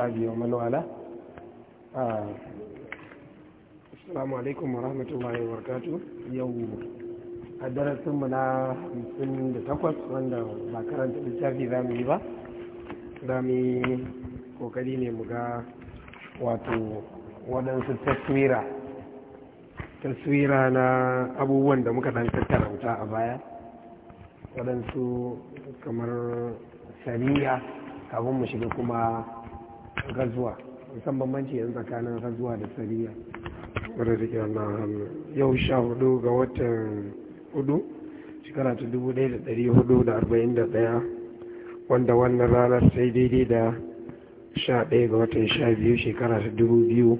وأصحابه ومن والاه السلام عليكم ورحمة الله وبركاته يوم darasinmu na 58 wanda ba karanta littafi za mu yi ba za mu yi kokari ne mu ga wato waɗansu taswira taswira na abubuwan da muka ɗan tattaruta a baya waɗansu kamar shari'a kafin mu shiga kuma gazuwa musan bambanci yanzu tsakanin gazuwa da sariya wadda take wannan hannu um, yau sha hudu ga watan hudu shekara ta dubu ɗaya da ɗari hudu da arba'in da ɗaya wanda wannan ranar sai daidai da sha ɗaya ga watan sha biyu shekara ta dubu biyu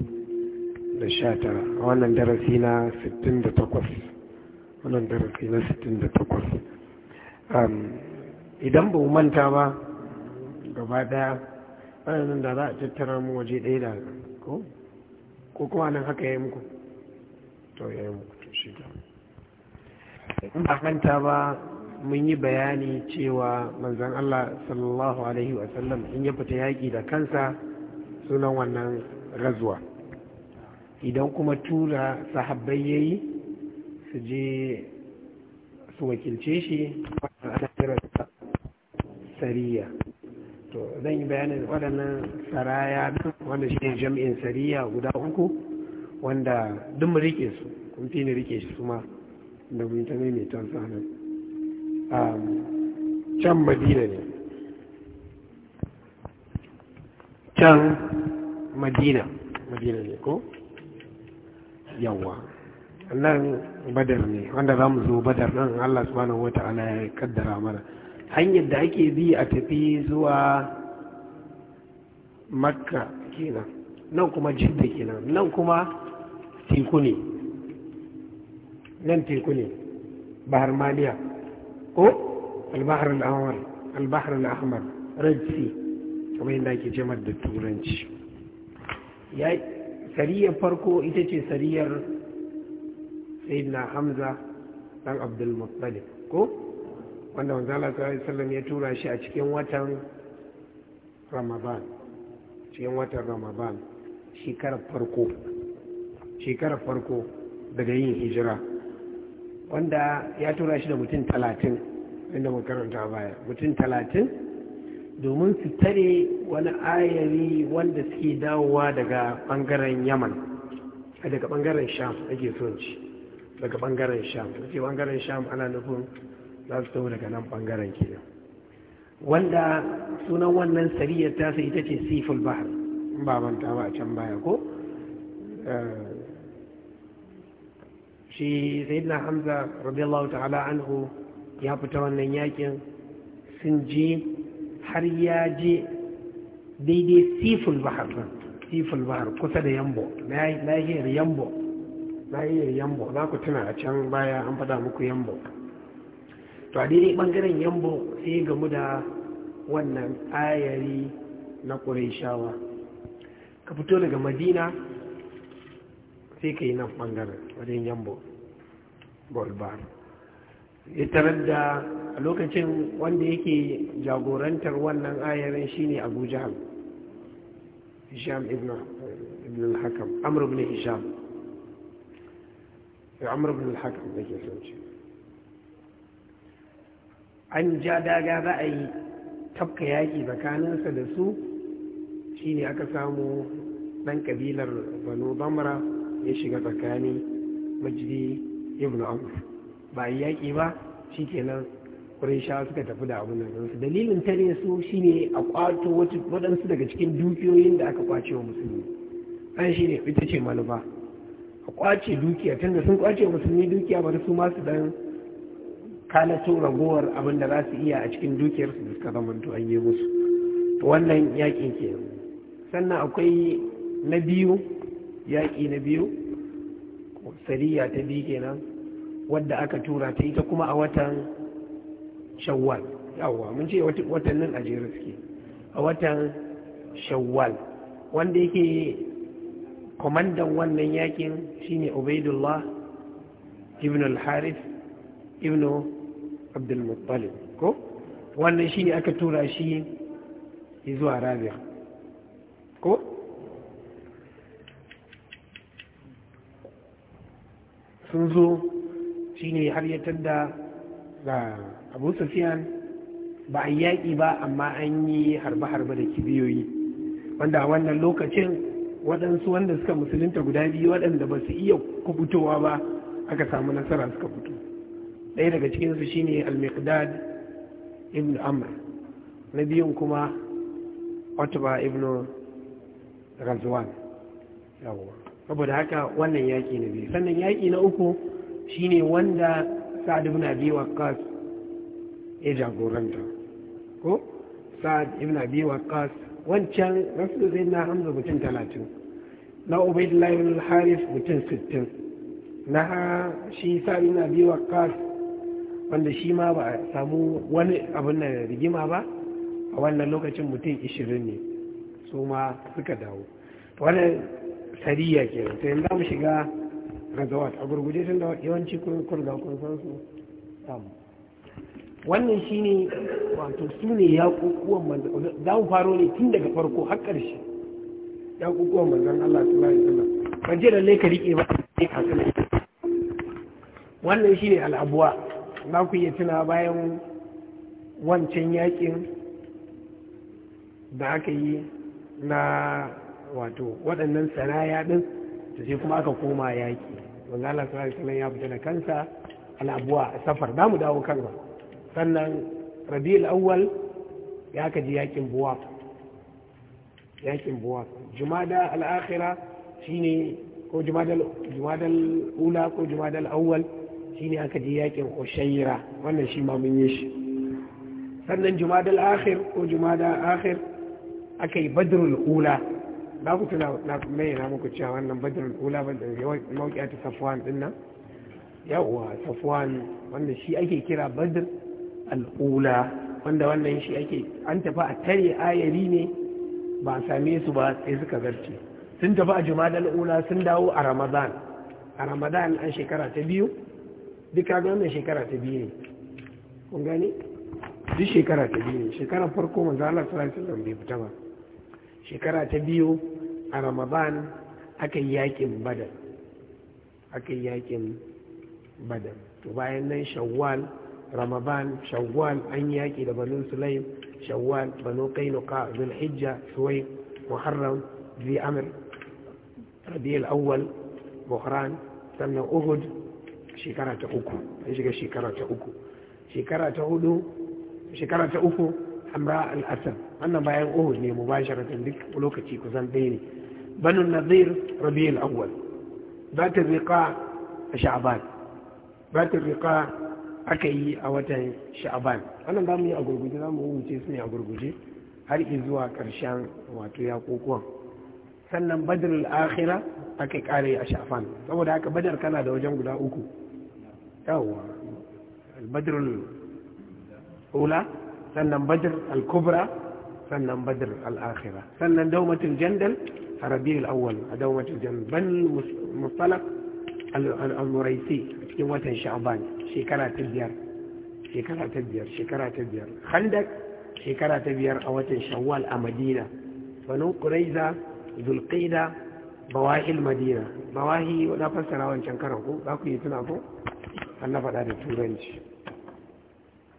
da sha tara a wannan darasi na sittin da takwas wannan darasi na sittin da takwas um, idan ba manta ba gaba ɗaya ana nan da za a tattara mu waje ɗaya da ko ko kuma nan haka ya yi muku to ya yi muku to shi ta in ba hanta ba mun yi bayani cewa manzan Allah sallallahu alaihi wasallam in ya fita yaƙi da kansa sunan wannan razuwa idan kuma tura sahabbai ya yi su je su wakilce shi ana sariya to zan yi bayanin waɗannan saraya wanda shi ne jam'in sariya guda uku wanda duk mu rike su kun fi ni rike shi su ma da mun ta mai tan sanan can madina ne can madina madina ne ko yawa nan badar ne wanda za mu zo badar nan, allah subhanahu wa ta'ala ya kaddara mana hanyar da ake bi a tafi zuwa makka kenan nan kuma jidda kenan nan kuma teku ne nan teku ne bahar maliya ko albahar al'amar albahar al'amar red sea kamar yadda ake jamar da turanci ya sariyar farko ita ce sariyar sayyidina hamza dan abdul ko wanda manzala sallallahu ya tura shi a cikin watan ramadan cikin watan ramadan shekarar farko shekarar farko daga yin hijira wanda ya tura shi da mutum talatin inda makaranta baya mutum talatin domin su tare wani ayari wanda suke dawowa daga bangaren yaman daga bangaren sham ake son ci daga bangaren sham ake bangaren sham ana nufin za su taho daga nan bangaren kenan wanda sunan wannan sariyar tasa ita ce siful bahar ba manta ba a can baya ko eh, shi na hamza radiyallahu ta'ala anhu ya fita wannan yakin sun je har ya je daidai siful bahar siful bahar kusa da yambo lahiyar yambo lahiyar yambo za ku tuna a can baya an fada muku yambo to a daidai ɓangaren yambo sai gamu da wannan ayari na shawa. ka fito daga madina sai ka yi nan ɓangaren wajen yambo bolbar ya tarar da a lokacin wanda yake jagorantar wannan ayarin shine abuja jihar hisham ibn al-hakam amur ibn hisham amur ibn al-hakam da ke sauce an ja daga za a yi tafka yaƙi tsakaninsa da su shine aka samu ɗan ƙabilar banu bamra ya shiga tsakanin majidi ibn abu. ba a yaƙi ba shi kenan sha suka tafi da abin nan su dalilin tare su shine a ƙwato waɗansu daga cikin dukiyoyin da aka ƙwace wa musulmi an shi ne ita ce manufa a ƙwace dukiya tunda sun kwace musulmi dukiya ba su masu dan kalato ragowar abin da za su iya a cikin dukiyarsu da suka to an yi musu to wannan yaƙin ke sannan akwai na biyu yaƙi na biyu sariya ta biyu kenan wadda aka tura ta ita kuma a watan shawwal yawwa mun ce watannin a jere suke a watan shawwal wanda yake kwamandan wannan yakin shine ubaidullah ibn al-harith ibn abdulmuttalib ko wannan shi ne aka tura shi ya zuwa rabia ko sun zo shi ne har ya tadda ga abu sufiyan ba a yaƙi ba amma an yi harbe-harbe da kibiyoyi wanda a wannan lokacin waɗansu wanda suka musulunta guda biyu waɗanda ba su iya kubutowa ba aka samu nasara suka fito ɗaya daga cikinsu shine al-miqdad ibn amr na biyun kuma otba ibn razwan yawon saboda haka wannan yaƙi na biyu sannan yaƙi na uku shine wanda sa'ad ibn abi waqqas ya jagoranta ko sa'ad ibn abi waqqas wancan rasul zai na hamza mutum talatin na ubaidullahi ibn harith mutum sittin na shi sa'ad ibn abi waqqas wanda shi ma ba a samu wani abin da rigima ba a wannan lokacin mutum ishirin ne su ma suka dawo wani sariya ke ta yin za mu shiga gazawat a gurguje sun da yawanci kurga kun san su samu wannan shi ne wato su ne ya kukuwan manzan za mu faro ne tun daga farko har ƙarshe ya kukuwan manzan Allah su lai sallam ban je da lai ka riƙe ba ne kasu wannan shi ne al'abuwa za ku iya tuna bayan wancan yakin da aka yi na wato waɗannan sanaya ɗin ta sai kuma aka koma yaƙi wanda Allah sallan ya fita da kansa al'abuwa a safar damu dawo kan ba sannan rabi'ul awwal ya ka ji yaƙin buwa yaƙin buwa jumada al'akhira shine ko jumadal ula ko jumadal awwal shine aka je yakin Ushayra wannan shi ma mun yi shi sannan Jumadal Akhir ko Jumada Akhir aka yi Badrul Ula na ku tuna na mai na muku cewa wannan Badrul Ula ban da mawqi'at Safwan din nan yawa Safwan wanda shi ake kira Badr al-Ula wanda wannan shi ake an tafi a tare ayari ne ba same su ba sai suka zarce sun tafi a Jumadal Ula sun dawo a Ramadan a Ramadan an shekara ta biyu duk kaga wannan shekara ta biyu ne kun gane duk shekara ta biyu ne shekara farko manzo Allah sallallahu alaihi wasallam bai fita ba shekara ta biyu a Ramadan aka yi yakin Badar aka yi yakin Badar to bayan nan Shawwal Ramadan Shawwal an yaki da Banu Sulaim Shawwal Banu Qainuqa Zulhijja Suwayb Muharram Zi Amr al Awwal Buhran sannan Uhud shekara ta uku an shiga shekara ta uku shekara ta hudu shekara ta uku hamra al-asad wannan bayan uhud ne mu mubasharatan duk lokaci kusan ɗaya ne banu nadir rabi al-awwal za ta riƙa a sha'aban za ta riƙa aka yi a watan sha'aban wannan za mu yi a gurguje za mu wuce su ne a gurguje har zuwa ƙarshen wato ya kokon sannan badar al-akhira aka kare a sha'aban saboda haka badar kana da wajen guda uku yawwa badr ula sannan badr al-kubra sannan badr al-akhira sannan daumatul jandal rabi al-awwal a daumatul jandal ban mustalaq al-muraisi cikin watan sha'ban shekara ta biyar shekara ta biyar shekara ta biyar khandak shekara ta biyar a watan shawwal a madina banu quraiza zulqaida bawahil madina bawahi na fassara wancan karan ku za ku yi tuna ko an na faɗa da turanci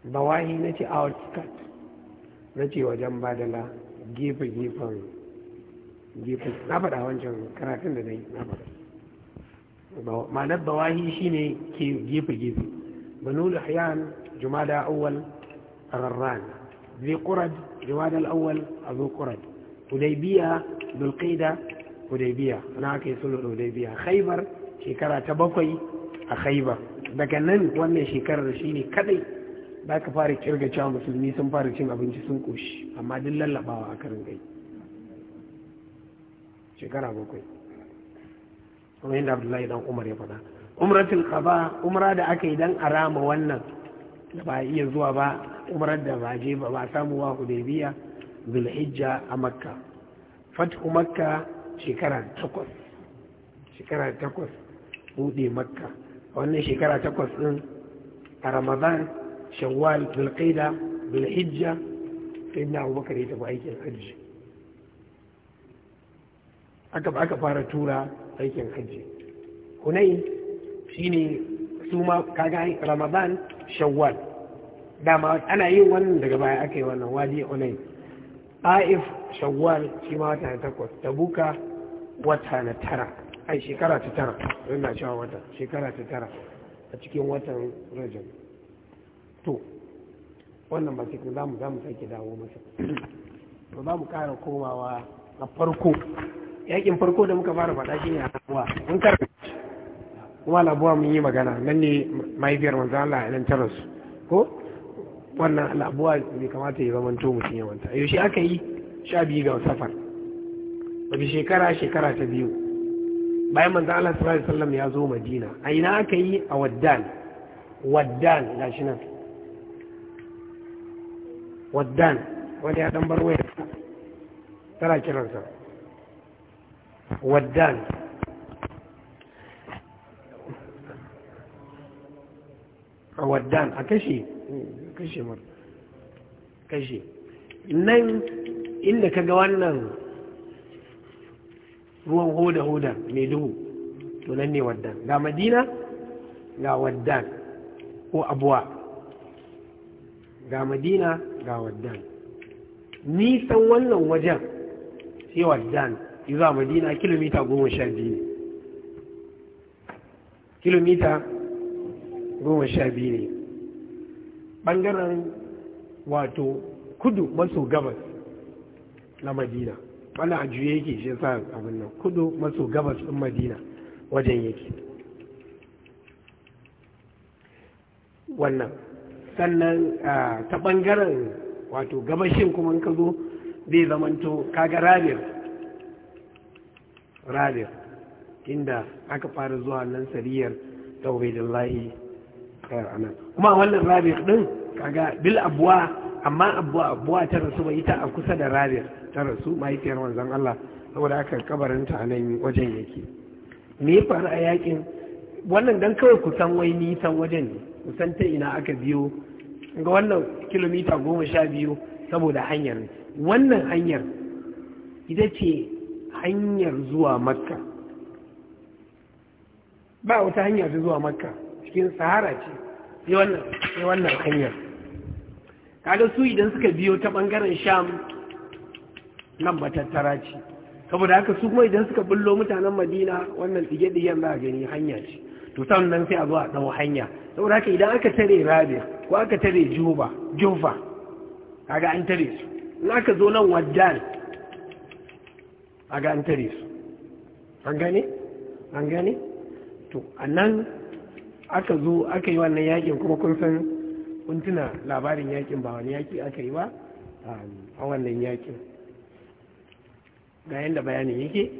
bawahi na ce outcut na ce wajen badala gefe-gefen gefe na faɗa wancan karatun da na yi na faɗa ma'anar bawahi ne ke gefe-gefe banu lahyan jumada a rarran zai kurad jumada awal a zo kurad hudaybiya dulqaida hudaibiya na aka yi sulhu hudaibiya khaibar shekara ta bakwai a khaibar daga nan wannan shekarar shi ne kadai za ka fara kirga cewa musulmi sun fara cin abinci sun koshi amma duk lallabawa a karin gai shekara bakwai kuma yadda abdullahi dan umar ya faɗa umratul qada umra da aka yi dan arama wannan da ba iya zuwa ba umrar da ba je ba ba samu wa hudaybiya zulhijja a makka fathu makka shekara takwas shekara takwas buɗe makka wannan shekara takwas ɗin a ramadan shawwal bilqida bilhijja sai na abubakar ya tafi aikin hajji aka aka fara tura aikin hajji shi ne su ma kaga ramadan shawwal dama ana yin wannan daga baya aka yi wannan wadi hunai aif shawwal shi ma wata na takwas tabuka wata na tara ai shekara ta tara ina cewa wata shekara ta tara a cikin watan rajin to wannan ba cikin za mu za mu sake dawo masa to za mu kara komawa a farko yakin farko da muka fara faɗa a abuwa mun karanta kuma labuwa mun yi magana nan ne mahaifiyar manzo Allah ya nan tara su ko wannan labuwa bai kamata ya to mutum ya yau yaushe aka yi sha biyu ga safar wani shekara shekara ta biyu bayan manzan Allah sallallahu alaihi wasallam ya zo Madina a ina aka yi a Waddan Waddan gashi nan Waddan wanda ya dan bar wayar tara kiransa Waddan a Waddan a kashe kashe mar kashe nan inda kaga wannan ruwan hoda hoda mai duhu to nan ne waddan ga madina ga waddan ko abuwa ga madina ga waddan nisan wannan wajen sai waddan zuwa madina kilomita goma sha biyu ne kilomita goma sha biyu ne ɓangaren wato kudu maso gabas na madina wani a juye yake shi sa abin nan kudu maso gabas ɗin madina wajen yake wannan sannan ta ɓangaren wato gabashin kuma ka zo zai zamanto kaga rabir rabir inda aka fara zuwa nan sariyar ta lahi anan kuma wannan rabir ɗin kaga bil abuwa amma abuwa abuwa ta rasu ita a kusa da rabir ta rasu mahaifiyar manzon Allah saboda aka kabarin ta nan wajen yake me faru a yakin wannan dan kawai ku san wai nisan wajen ne ku san ta ina aka biyo ga wannan kilomita goma sha biyu saboda hanyar wannan hanyar ita ce hanyar zuwa makka ba wata hanya ta zuwa makka cikin sahara ce sai wannan hanyar kada su idan suka biyo ta bangaren sham nan matattara ce saboda haka su kuma idan suka bullo mutanen madina wannan tsige-tsigen za a gani hanya ce to nan sai a zo a ɗau hanya saboda haka idan aka tare rabia ko aka tare juba jufa kaga an tare su in aka zo nan waddan kaga an tare su an gane an gane to a nan aka zo aka yi wannan yakin kuma kun san kun tuna labarin yakin ba wani yaki aka yi ba um, a wannan yakin ga yadda bayanin yake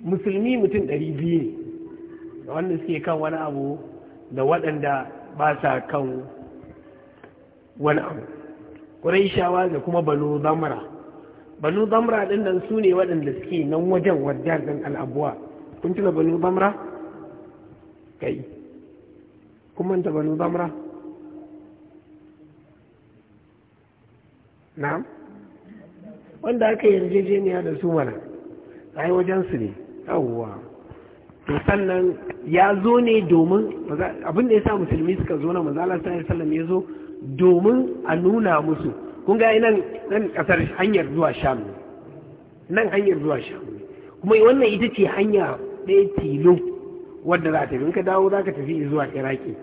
musulmi mutum ɗari biyu ne da wanda suke kan wani abu da waɗanda ba sa kan wani abu ƙuraishawa da kuma banu zamra banu zamra ɗin nan su ne waɗanda suke nan wajen wajen ɗan al'abuwa kun tuna banu zamra kai kun manta banu zamra na'am wanda aka yarjejeniya da su mana ai wajensu ne yawwa to sannan ya zo ne domin abin da ya sa musulmi suka zo na manzala sallallahu ya zo domin a nuna musu kun ga nan nan kasar hanyar zuwa sham nan hanyar zuwa sham kuma wannan ita ce hanya ɗaya tilo wadda za ta tafi ka dawo za ka tafi zuwa iraki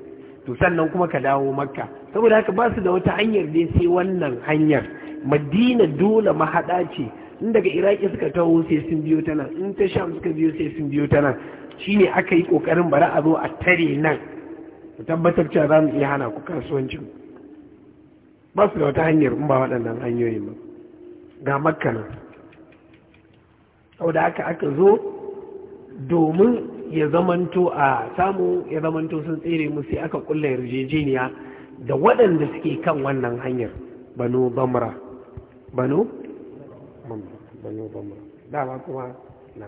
to sannan kuma ka dawo makka saboda haka ba su da wata hanyar dai sai wannan hanyar madina dole mahaɗa ce in daga iraki suka taho sai sun biyo ta nan in ta sham suka biyo sai sun biyo ta nan Shi ne aka yi ƙoƙarin bara a zo a tare nan ku tabbatar cewa za mu iya hana ku kasuwancin ba su da wata hanyar in ba waɗannan hanyoyi ba ga makka nan saboda haka aka zo domin ya zamanto a samu ya zamanto sun tsere mu sai aka kulla yarjejeniya da waɗanda suke kan wannan hanyar banu bamra banu banu da ba kuma na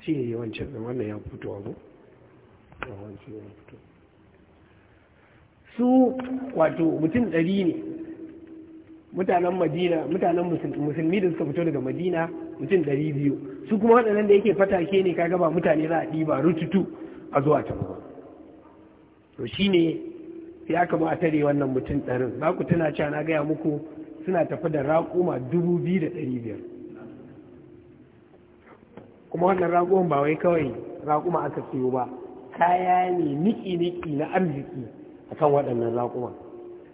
shi ne yawancin wannan ya fito abu yawancin ya fito su wato mutum ɗari ne mutanen madina mutanen musulmi da suka fito daga madina mutum ɗari biyu su kuma waɗannan da yake fatake ne kaga ba mutane za a ɗiba rututu a zuwa can ba to shine ya kama a tare wannan mutum ɗarin za ku tuna cewa na gaya muku suna tafi da raƙuma dubu biyu da ɗari biyar kuma wannan raƙuman ba wai kawai raƙuma aka siyo ba kaya ne niki-niki na arziki akan waɗannan raƙuma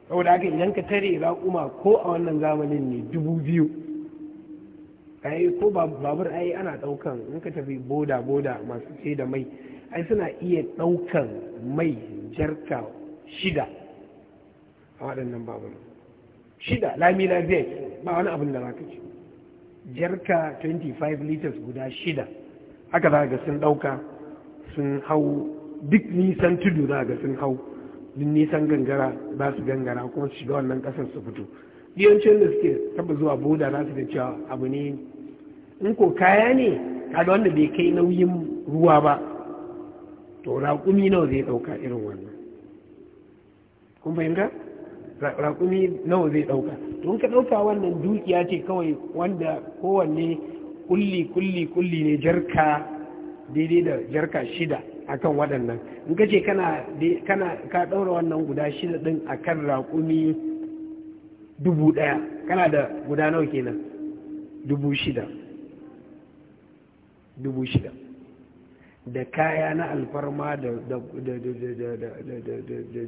saboda haka idan ka tare raƙuma ko a wannan zamanin ne dubu biyu ai ko babur ai ana ɗaukan in ka tafi boda boda masu ce da mai ai suna iya ɗaukan mai jarka shida a waɗannan babur shida lami zai ba wani abin da za ka ci jarka 25 liters guda shida haka za ga sun ɗauka sun hau duk nisan tudu za ga sun hau duk nisan gangara za su gangara kuma su shiga wannan ƙasar su fito yawancin da suke taba zuwa boda za su ga cewa abu ne in ko kaya ne kaga wanda bai kai nauyin ruwa ba to raƙumi nawa zai ɗauka irin wannan kun fahimta raƙumi nawa zai ɗauka tun ka ɗauka wannan dukiya ce kawai wanda kowanne kulli kulli kulli ne jarka daidai da jarka shida akan waɗannan in ka ce kana ka ɗaura wannan guda shida ɗin a kan raƙumi dubu ɗaya kana da guda nawa kenan dubu shida dubu shida da kaya na alfarma da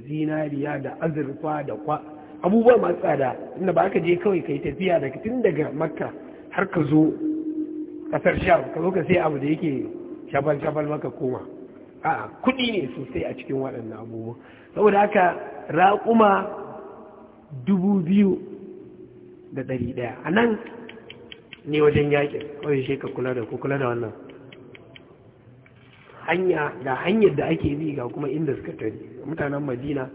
zinariya da azurfa da kwa abubuwa masu tsada inda ba aka je kawai ka yi tafiya daga tun daga makka har ka zo kasar sham ka zo ka sai abu da yake shafan maka koma a kudi ne sosai a cikin waɗannan abubuwa saboda haka raƙuma dubu biyu da ɗari ɗaya a nan ne wajen yaƙin kawai shi ka kula da ku kula da wannan hanya ga hanyar da ake bi ga kuma inda suka tare mutanen madina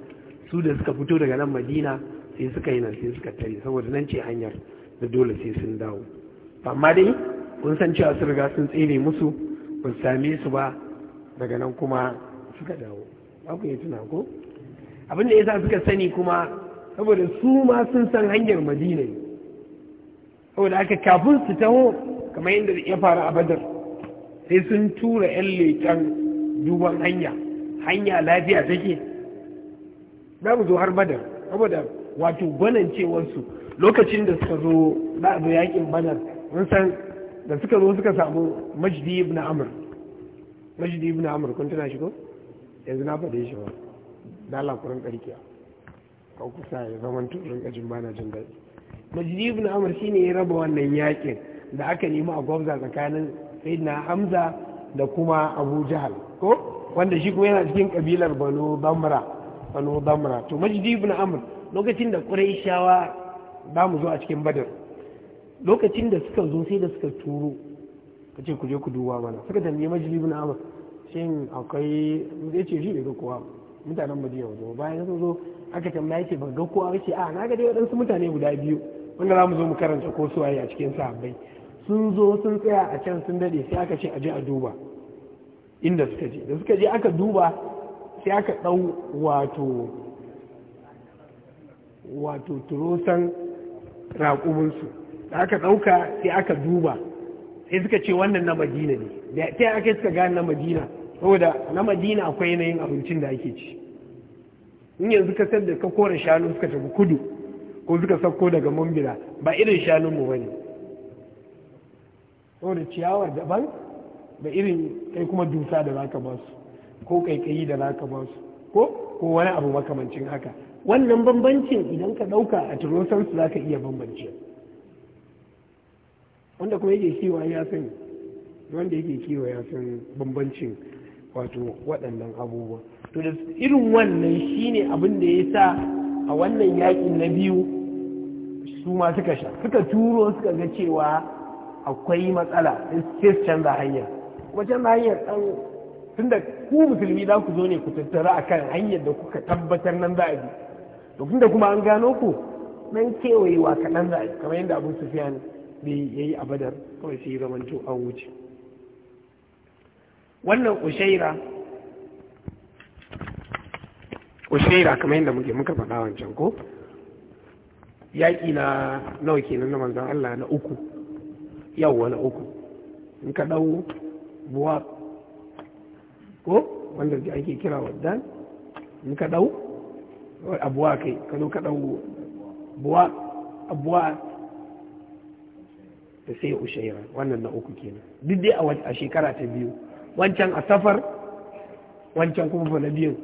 su da suka fito daga nan madina sai suka yi nan sai suka tare saboda nan ce hanyar da dole sai sun dawo amma dai kun san cewa su riga sun tsere musu ba same su ba daga nan kuma suka dawo ba ku yi tuna ko abinda ya sa suka sani kuma saboda su ma sun san hanyar madina ne saboda aka kafin su taho kamar yadda ya faru a badar sai sun tura 'yan leƙen duban hanya hanya lafiya take za mu zo har badar saboda wato gwanancewarsu lokacin da suka zo za a zo yakin badar mun san da suka zo suka samu majdi ibn amur majdi ibn amur kun tana shi ko yanzu na faɗe shi ba da kurin ƙarkiya ko kusa ya zaman turin ƙajin bana jin daɗi majdi ibn amur shine ya raba wannan yakin da aka nemi a gwamza tsakanin sayyidina hamza da kuma abu jahal ko wanda shi kuma yana cikin kabilar banu damra banu damra to majdi ibn amr lokacin da quraishawa za mu zo a cikin badar lokacin da suka zo sai da suka turo ka ce ku je ku duba mana suka tambaye majdi ibn amr shin akwai zai ce shi bai ga kowa mutanen madina wajen bayan sun zo aka tambaye ce ban ga kowa ce a na ga dai waɗansu mutane guda biyu wanda za mu zo mu karanta ko su a cikin sahabbai sun zo sun tsaya a can sun daɗe sai aka ce a a duba inda suka je da suka je aka duba sai aka ɗau wato wato turosan raƙubinsu da aka ɗauka sai aka duba sai suka ce wannan na madina ne da ta aka suka gane na madina saboda na madina akwai yanayin abincin da ake ci in yanzu ka da ka kore shanu suka tafi kudu ko suka sako daga mambira ba irin shanunmu ba ne saboda ciyawar daban da irin kai kuma dusa da zaka ba su ko kaikayi da zaka ba su ko ko wani abu makamancin haka wannan bambancin idan ka ɗauka a turosan su zaka iya bambance wanda kuma yake kiwa ya san wanda yake kiwa ya san bambancin wato waɗannan abubuwa to da irin wannan shine abin da ya sa a wannan yaƙin na biyu su ma suka sha suka turo suka ga cewa akwai matsala sai su canza hanya kuma canza hanyar ɗan tun da ku musulmi za ku zo ne ku tattara a kan hanyar da kuka tabbatar nan za a bi to tun da kuma an gano ku nan kewayewa kaɗan za a yi kamar yadda abu sufiyan bai yayi a badar kawai sai to an wuce wannan ushaira ushaira kamar yadda muke muka faɗa wancan ko yaƙi na nawa kenan na manzon Allah na uku Yau wani uku in ka ɗau buwa ko wanda ake kira Dan in ka ɗau abuwa kai ka zo ka ɗau buwa abuwa da sai ushaira wannan na uku kenan duk dai a shekara ta biyu wancan a safar wancan kuma fa na biyun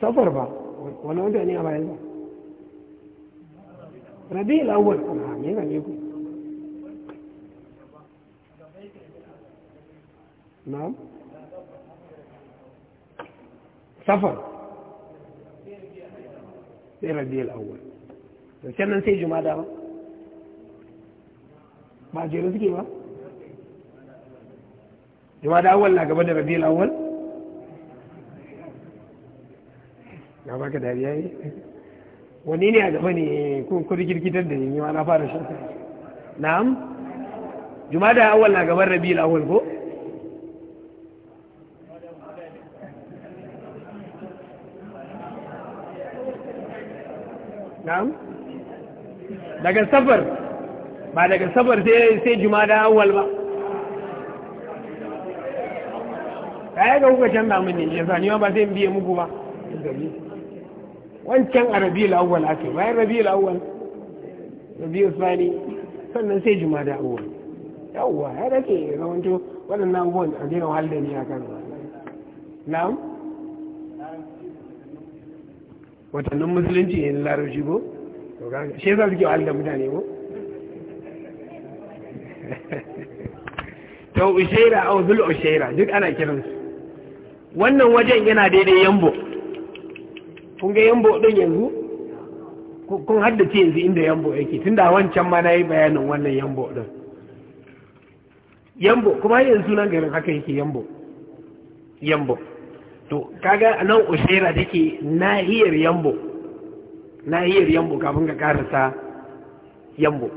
safar ba wani wanda ne a bayan ba rabi ah, safar sai rabi lawal da sannan sai juma'a da ba jere suke ba juma'a da awal na gaba da rabi dariya ne wani ne a gaba ne kun kuri girgitar da ne ma na fara shan na'am da awal na gaban rabi awal ko na'am daga safar ba daga safar sai da awal ba kaya ga kuka canza mini ya sani ba sai biye muku ba wancan a rabi'ul a ake bayan rabi awwal rabi thani sannan sai da awwal yawwa ya ga wancan waɗannan abubuwan a jiran halin da ni a kan na'am watannin musulunci ne na larabci ko shi za suke wahal da mutane ko to ushaira a wuzul ushaira duk ana kiransu wannan wajen yana daidai yambo kun ga yambo ɗin yanzu kun haddace yanzu inda yambo yake tun da wancan ma na yi bayanin wannan yambo ɗin yambo kuma yanzu nan garin haka yake yambo yambo to kaga nan ushera take nahiyar yambo nahiyar yambo kafin ka karasa yambo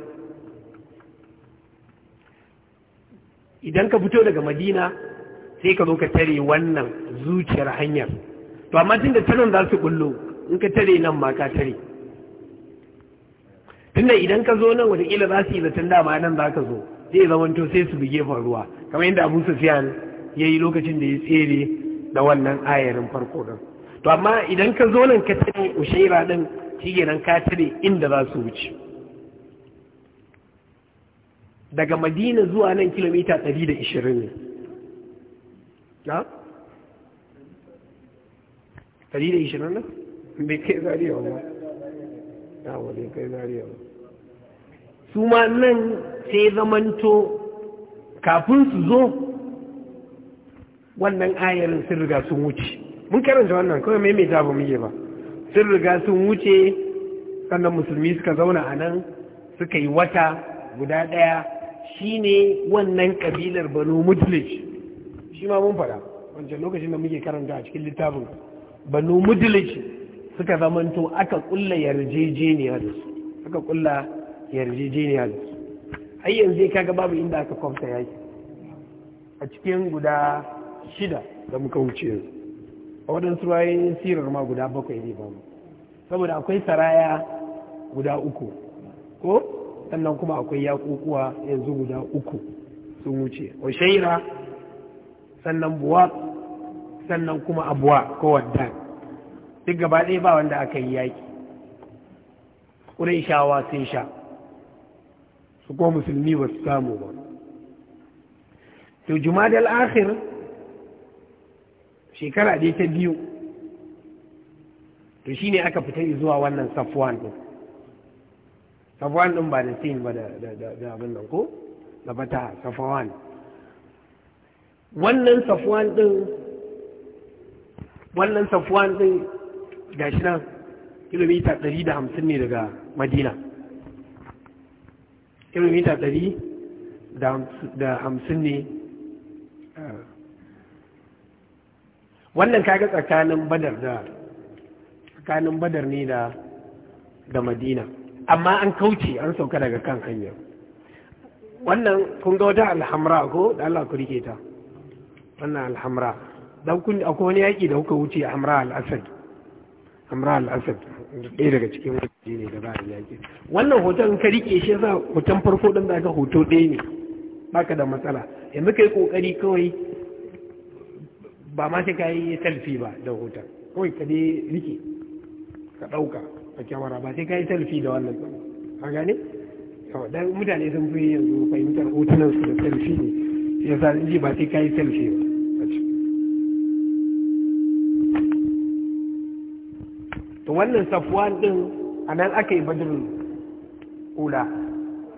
idan ka fito daga madina sai ka zo ka tare wannan zuciyar hanyar to amma tun da tarin za su kullo in ka tare nan ma ka tare tunda idan ka zo nan wataƙila za su yi zaton dama nan za ka zo zai zamanto sai su buge gefen kamar yadda abu sufiyan ya yi lokacin da ya tsere da wannan ayarin farko ɗin to amma idan ka zo nan ka tare ushaira ɗin shi nan ka tare inda za su wuce daga madina zuwa nan kilomita ɗari da ishirin ne ɗari da nan bai kai zariya ba bai kai zariya ba su ma nan sai zamanto kafin su zo wannan ayarin sun riga sun wuce mun karanta wannan kawai mai mai ba muke ba sun riga sun wuce sannan musulmi suka zauna a nan suka yi wata guda ɗaya shine wannan kabilar banu mutlish shi ma mun fada wancan lokacin da muke karanta a cikin littafin banu mudilish suka zamanto aka kulla yarjejeniya da su aka kulla yarjejeniya da su ai yanzu kaga babu inda aka kwamta yaki a cikin guda shida da muka wuce yanzu a waɗansu ruwayoyin sirar ma guda bakwai ne ba saboda akwai saraya guda uku ko sannan kuma akwai yakukuwa yanzu guda uku sun wuce wa shaira sannan buwa sannan kuma abuwa ko wadda duk gaba ɗaya ba wanda aka yi yaƙi shawa sun sha su ko musulmi ba su samu ba to jumadal akhir shekara ɗaya ta biyu to shine aka fita zuwa wannan safuwan ɗin Safuwan ɗin ba da sin ba da abin nan ko da bata safuwan. wannan safuwan ɗin wannan safuwan din gashi nan kilomita 150 ne daga madina kilomita 150 ne eh. wannan kaga tsakanin badar da tsakanin badar ne da da madina amma an kauce an sauka daga kan hanyar wannan kun ga wata alhamra ko da Allah ku rike ta wannan alhamra dan kun akwai wani yaki da kuka wuce Amra al-Asad Amra al-Asad ɗaya daga cikin wani ne da ba yaki wannan hoton in ka rike shi sa hoton farko din da aka hoto ɗaya ne baka da matsala yanzu kai kokari kawai ba ma sai kai selfie ba da hoton kawai ka dai rike ka ɗauka a kyamara ba sai kai selfie da wannan ka gane dan mutane sun fi yanzu fahimtar hotunan su da selfie ne yasa in ji ba sai kai selfie ba to wannan safuwan din a nan aka yi badrul ula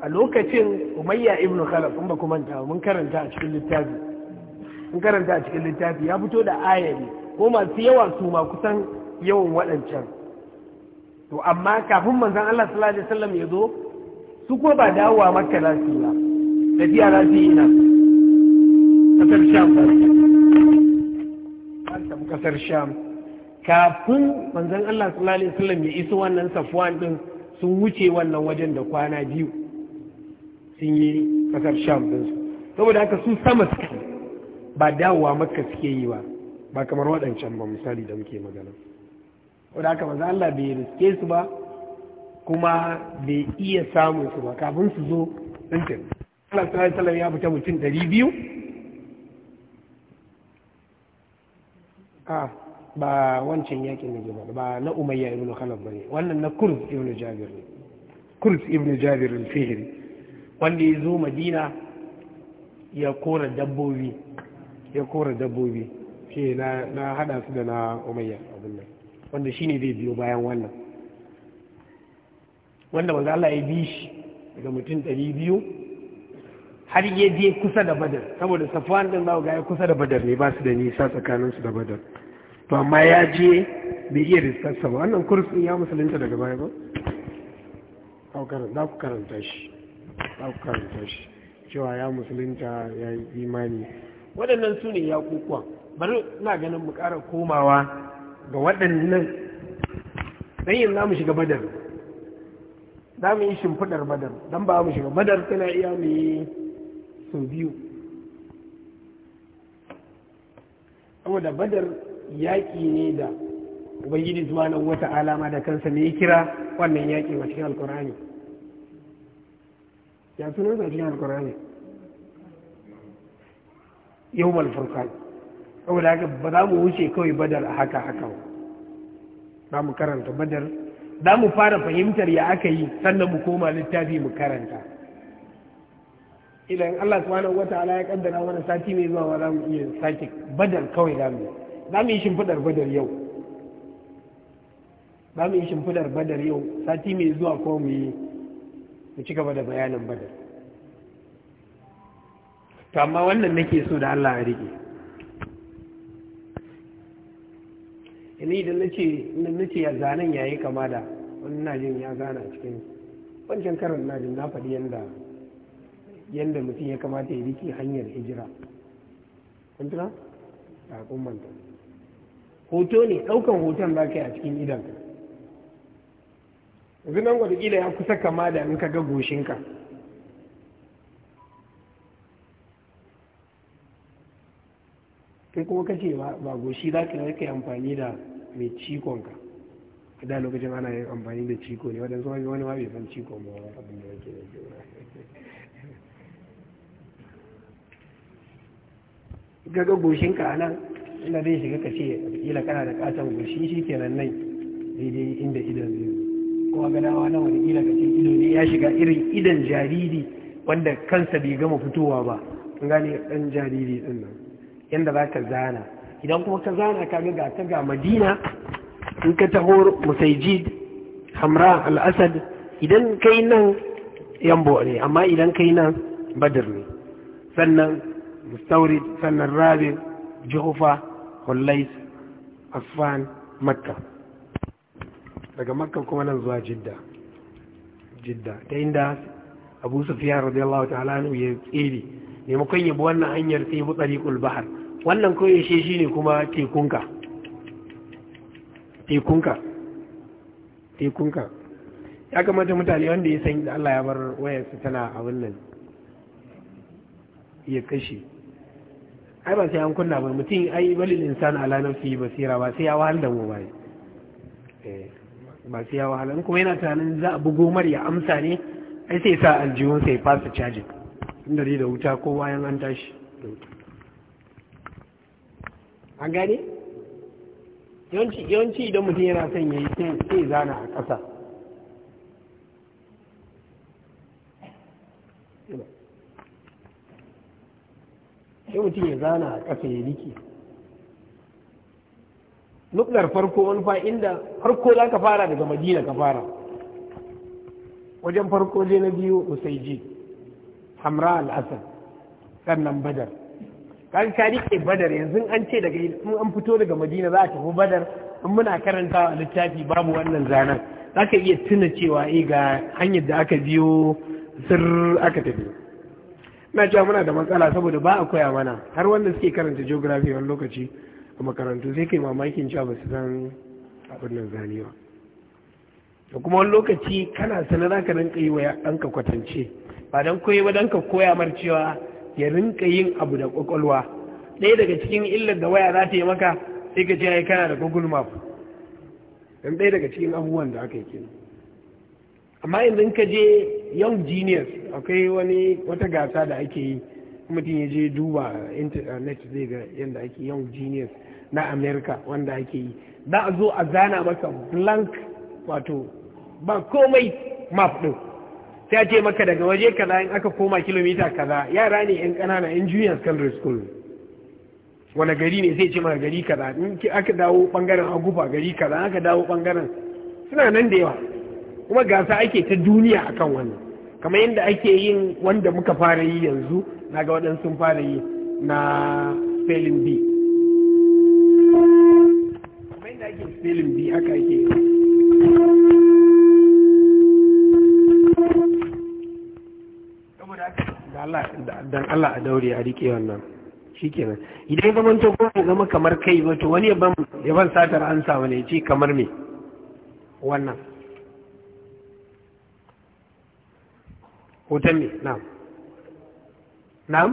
a lokacin umayya ibn khalaf in ba ku manta mun karanta a cikin littafi mun karanta a cikin littafi ya fito da ayari ko masu yawa su ma kusan yawan waɗancan to amma kafin manzon Allah sallallahu alaihi wasallam ya zo su ko ba dawowa makka za su yi ba tafiya za su yi ina kasar sham ba kasar sham kafin manzon Allah sallallahu alaihi wasallam ya isa wannan safwan din sun wuce wannan wajen da kwana biyu sun yi kasar sham din su saboda haka su sama suke ba dawowa makka suke yi ba ba kamar waɗancan ba misali da muke magana saboda haka manzon Allah bai riske su ba kuma bai iya samun su ba kafin su zo ɗinkin Allah sallallahu alaihi wasallam ya fita mutum ɗari biyu ah. ba wancan yakin na jabal ba na umayya ibn khalaf bane wannan na kurz ibn jabir ne kurz ibn jabir al-fihri wanda ya zo madina ya kora dabbobi ya kora dabbobi shi na na hada su da na umayya abin nan wanda shine zai biyo bayan wannan wanda manzo Allah ya bi shi daga mutum 200 har ya je kusa da badar saboda safwan din ba ga ya kusa da badar ne ba su da nisa tsakaninsu da badar to amma ya je bai iya riskarsa ba wannan kursin ya musulunta daga baya ba za ku karanta shi za ku karanta shi cewa ya musulunta ya yi imani waɗannan su ne ya kukuwa bari na ganin mu ƙara komawa ga waɗannan don yin za mu shiga badar za mu yi shimfiɗar badar don ba mu shiga badar tana iya mu yi sau biyu saboda badar yaƙi ne da ubangiji nan wata alama da kansa ne ya kira wannan yaƙi a cikin alkur'ani ya sunan sa cikin alkur'ani yawmal furqan saboda haka ba za mu wuce kawai badar a haka haka ba mu karanta badar za mu fara fahimtar ya aka yi sannan mu koma littafi mu karanta idan Allah subhanahu ala ya kaddara wani sati mai zuwa ba za mu iya sake badar kawai za mu za mu yi shimfidar badar yau za mu yi shimfidar badar yau sati mai zuwa ko mu yi mu ci gaba da bayanin badar to amma wannan nake so da Allah ya rike ina idan na ce ya zanan yayi kama da wannan najin ya gana cikin wancan karin najin na faɗi yadda yadda mutum ya kamata ya rike hanyar hijira kun tuna a kun manta hoto ne ɗaukan hoton za ka yi a cikin idan yanzu nan ya kusa kama da in ka ga goshinka kai kuma kace ba goshi za ka yi amfani da mai cikonka a da lokacin ana yin amfani da ciko ne waɗansu wani wani ma bai san ciko ba wani abin da yake da ke gaga goshinka a nan ila zai shiga ka ce ila kana da katon gushi shi kenan nai daidai inda idan zai kuma ganawa na wani ila ka ce ido ne ya shiga irin idan jariri wanda kansa bai gama fitowa ba an gane dan jariri din nan yanda za ka zana idan kuma ka zana ka ga ta ga madina in ka taho musaijid hamra al-asad idan kai nan yambo ne amma idan kai nan badr ne sannan mustaurid sannan rabi juhufa Hullais, Affan, Makka. Daga Makka kuma nan zuwa Jidda. Jidda ta inda Abu Sufiyar radiyallahu ta'ala anhu ya tsere maimakon ya bi wannan hanyar sai bi tsariqul bahr. Wannan koyi shi ne kuma tekunka. Tekunka. Tekunka. Ya kamata mutane wanda ya san da Allah ya bar wayarsa tana abin nan ya kashe ai ba sai an kunna ba mutum ai balil insani ala nafsi basira ba sai ya wahal da mu ba eh, ba sai ya wahal kuma yana tunanin za a bugo mar ya amsa ne ai sai sa aljihun sai fasa cajin inda zai da wuta ko bayan an tashi an gane yawanci idan mutum yana son ya yi sai zana a ƙasa sai mutum ya zana a ƙasa ya rike nuklar farko wani fa inda farko za ka fara daga madina ka fara wajen farko dai na biyu usaiji hamra al'asar sannan badar kan ka rike badar yanzu an ce daga in an fito daga madina za a tafi badar in muna karanta a littafi babu wannan zanen za ka iya tuna cewa eh ga hanyar da aka biyo sir aka tafi na cewa muna da matsala saboda ba a koya mana har wanda suke karanta geography wani lokaci a makarantu sai kai mamakin cewa ba su san abin nan ba da kuma wani lokaci kana sanar za ka rinka yi wa ka kwatance ba don koyi ba don ka koya mar cewa ya rinka yin abu da kwakwalwa ɗaya daga cikin illar da waya za ta yi maka sai ka ce ya kana da google map don ɗaya daga cikin abubuwan da aka yi kenan amma yanzu ka je young genius akwai wani wata gasa da ake yi mutum ya je duba internet zai ga yadda ake young genius na america wanda ake yi za a zo a zana maka blank wato ba komai map ɗin sai a ce maka daga waje kaza in aka koma kilomita kaza yara ne yan ƙanana yan junior secondary school wani gari ne sai ce maka gari kaza in aka dawo ɓangaren agufa gari kaza aka dawo ɓangaren suna nan da yawa kuma gasa ake ta duniya akan wannan kamar yadda ake yin wanda muka fara yi yanzu na ga waɗansu sun fara yi na spelling bee kamar yadda ake spelling bee haka ake yi dan Allah a daure a rike wannan shikenan idan ya zamanto ko zama kamar kai wato wani ya ban satar an samu ne ce kamar me wannan hoton ne na'am na'am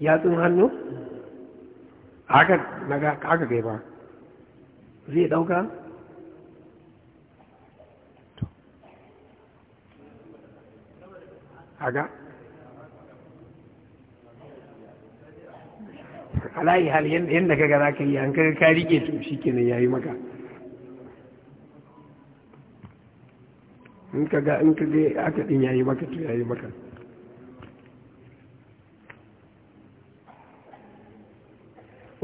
yatsun hannu haka ga haka kai ba zai dauka haka alayi yadda ka gara ka yi an ka rike shi kenan ya yi maka in ka ga in ka ga aka din yayi maka to yayi maka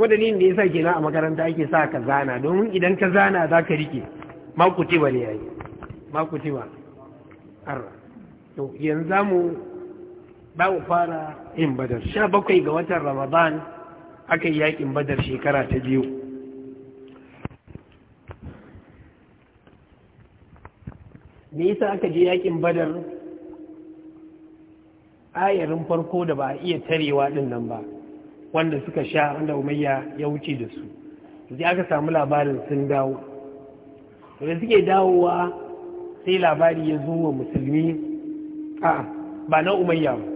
wadannin da yasa kenan a makaranta ake sa ka zana domin idan ka zana za ka rike makutiba ne yayi makutiba arra to yanzu mu ba mu fara yin badar sha bakwai ga watan ramadan aka yi yakin badar shekara ta biyu me yasa aka je yakin badar ayarin farko da ba a iya tarewa din nan ba wanda suka sha wanda umayya ya wuce da su sai aka samu labarin sun dawo da suke dawowa sai labari ya zo wa musulmi a ba na umayya ba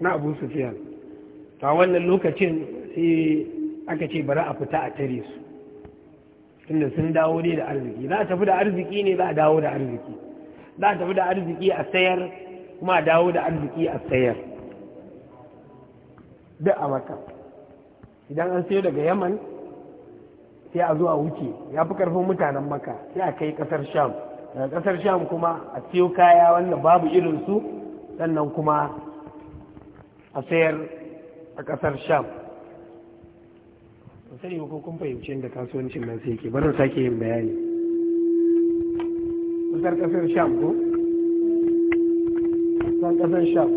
na abu sufiyan a wannan lokacin sai aka ce bari a fita a tare su tunda sun dawo ne da arziki za a tafi da arziki ne za a dawo da arziki za a tafi da arziki a sayar kuma a dawo da arziki a sayar duk a maka idan an sayo daga yaman sai a zuwa wuce ya fi karfin mutanen maka sai a kai kasar sham daga kasar sham kuma a siyo kaya wanda babu irinsu sannan kuma a sayar a kasar sham sani ko kun fahimci da kasuwancin nan sai ke bari sake yin bayani kusar kasar sham ko kusar kasar sham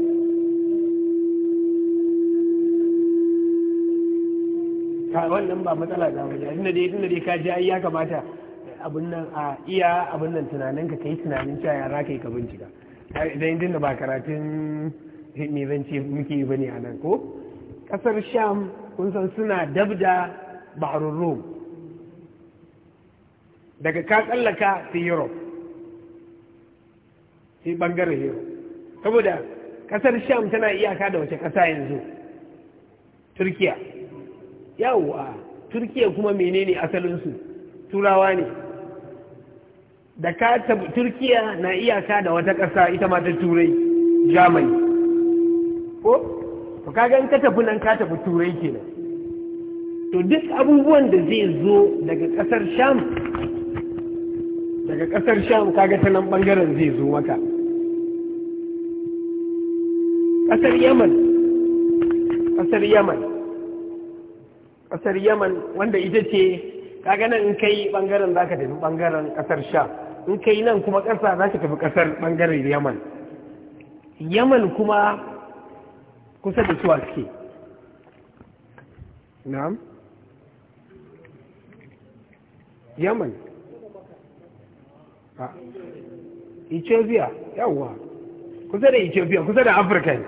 ka wannan ba matsala da wajen tunda dai tunda dai ka ji ai ya kamata abun nan a iya abun nan tunanin ka kai tunanin cewa ya kai ka yi ka bincika idan din da ba karatun me zan ce muke bane a nan ko kasar sham kun san suna dab da baharun rum daga ka tsallaka fi europe sai bangaren europe saboda kasar sham tana iyaka da wace kasa yanzu turkiya yawwa turkiya kuma menene asalinsu turawa ne da ka turkiya na iyaka da wata ƙasa ita ma ta turai germany ko to kaga in ka tafi nan ka tafi turai kenan to duk abubuwan da zai zo daga kasar sham daga kasar sham kaga ta nan bangaren zai zo maka kasar yaman kasar yaman kasar yaman wanda ita ce kaga nan in kai bangaren ka tafi bangaren kasar sham in kai nan kuma kasa ka tafi kasar bangaren yaman yaman kuma kusa da suwa suke na'am yaman a ah. ethiopia yawwa kusa da ethiopia kusa da afirka ne